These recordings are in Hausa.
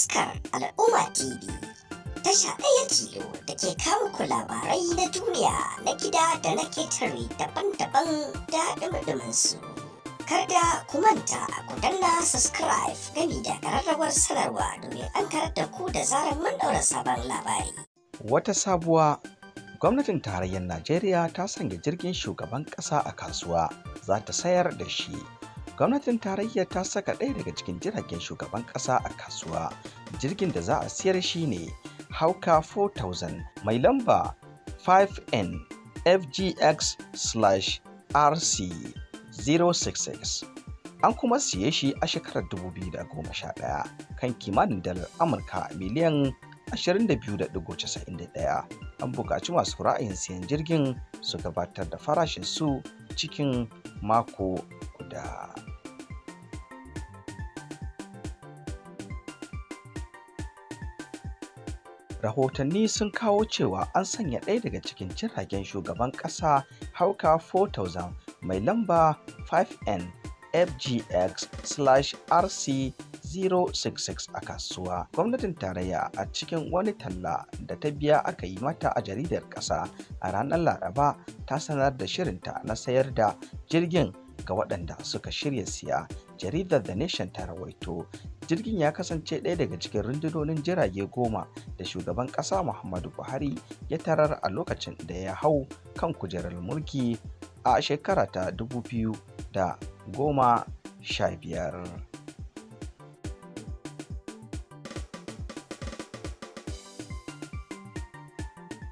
taskar al'umma tv tasha ɗaya tilo da ke kawo ku labarai na duniya na gida da na ketare daban-daban da ɗumɗumin su kada ku manta ku danna subscribe gani da ƙararrawar sanarwa domin an karar da ku da zarar mun ɗaura sabon labari wata sabuwa gwamnatin tarayyar najeriya ta sanya jirgin shugaban ƙasa a kasuwa za ta sayar da shi gwamnatin tarayya ta saka ɗaya daga cikin jiragen shugaban ƙasa a kasuwa jirgin da za a siyar shi ne hauka 4000 mai lamba 5n fgx rc 066 an kuma siye shi a shekarar 2011 kan kimanin dalar amurka miliyan 22.91 an buƙaci masu ra'ayin siyan jirgin su gabatar da farashin su cikin mako guda. rahotanni sun kawo cewa an sanya ɗaya daga cikin jiragen shugaban ƙasa hauka 4000 mai lamba 5n fgx rc 066 a kasuwa gwamnatin tarayya a cikin wani talla da ta biya aka yi mata a jaridar ƙasa a ranar laraba ta sanar da shirinta na sayar da jirgin ga waɗanda suka shirya siya jaridar the nation ta rawaito jirgin ya kasance ɗaya daga cikin rundunonin jirage goma da shugaban ƙasa muhammadu buhari ya tarar a lokacin da ya hau kan kujerar mulki a shekara ta 2015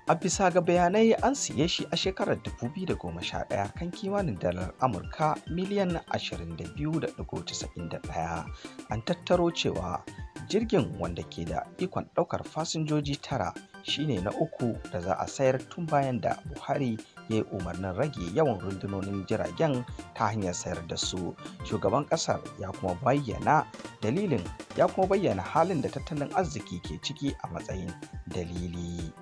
A bisa ga bayanai an siye shi a shekarar 2011 kan kimanin dalar Amurka miliyan 22.91. An tattaro cewa jirgin wanda ke da ikon daukar fasinjoji tara shine na uku da za a sayar tun bayan da Buhari ya yi umarnin rage yawan rundunonin jiragen ta hanyar sayar da su. Shugaban kasar ya kuma bayyana dalilin ya kuma bayyana halin da tattalin arziki ke ciki a matsayin dalili.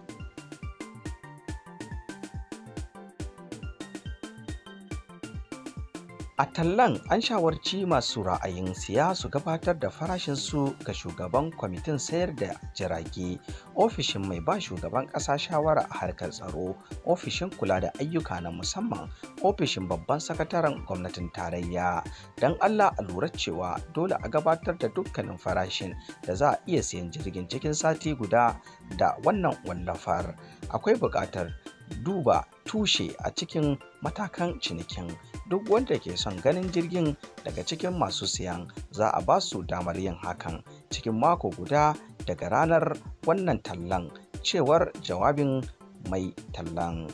A tallan an shawarci masu ra'ayin siya su gabatar da farashinsu ga shugaban kwamitin sayar da jirage, ofishin mai ba shugaban ƙasa shawara a harkar tsaro, ofishin kula da ayyuka na musamman, ofishin babban sakataren gwamnatin tarayya. Don Allah a lura cewa dole a gabatar da dukkanin farashin da za a iya siyan jirgin cikin sati guda da wannan wallafar. Akwai buƙatar duba tushe a cikin matakan cinikin duk wanda ke son ganin jirgin daga cikin masu siyan za a ba su damar yin hakan cikin mako guda daga ranar wannan tallan cewar jawabin mai tallan.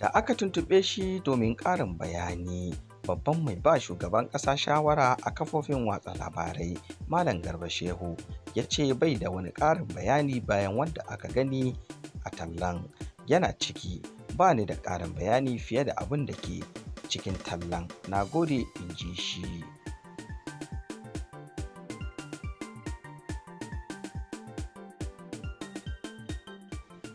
da aka tuntuɓe shi domin ƙarin bayani babban mai ba shugaban ƙasa shawara a kafofin watsa labarai malam garba shehu ya ce bai da wani ƙarin bayani bayan wanda aka gani a tallan yana ciki ba ni da ƙarin bayani fiye da abin da ke cikin tallan na gode in ji shi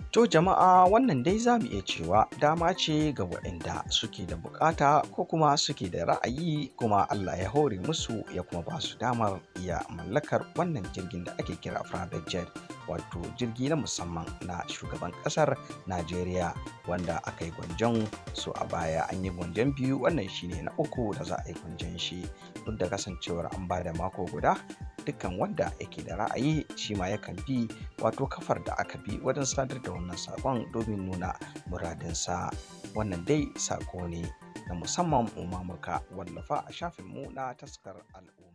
To jama'a wannan dai za mu iya cewa dama ce ga waɗanda suke da bukata ko kuma suke da ra'ayi kuma Allah ya hore musu ya kuma ba su damar iya mallakar wannan jirgin da ake kira private jet wato jirgi na musamman na shugaban ƙasar Najeriya wanda aka yi gwanjan su a baya an yi gwanjan biyu wannan shine na uku da za a yi gwanjan shi duk da kasancewar an ba da mako guda dukkan wanda yake da ra'ayi shi ma yakan bi wato kafar da aka bi wajen sadar da wannan sakon domin nuna muradinsa wannan dai sako ne na musamman umamuka wallafa a shafinmu na taskar al'umma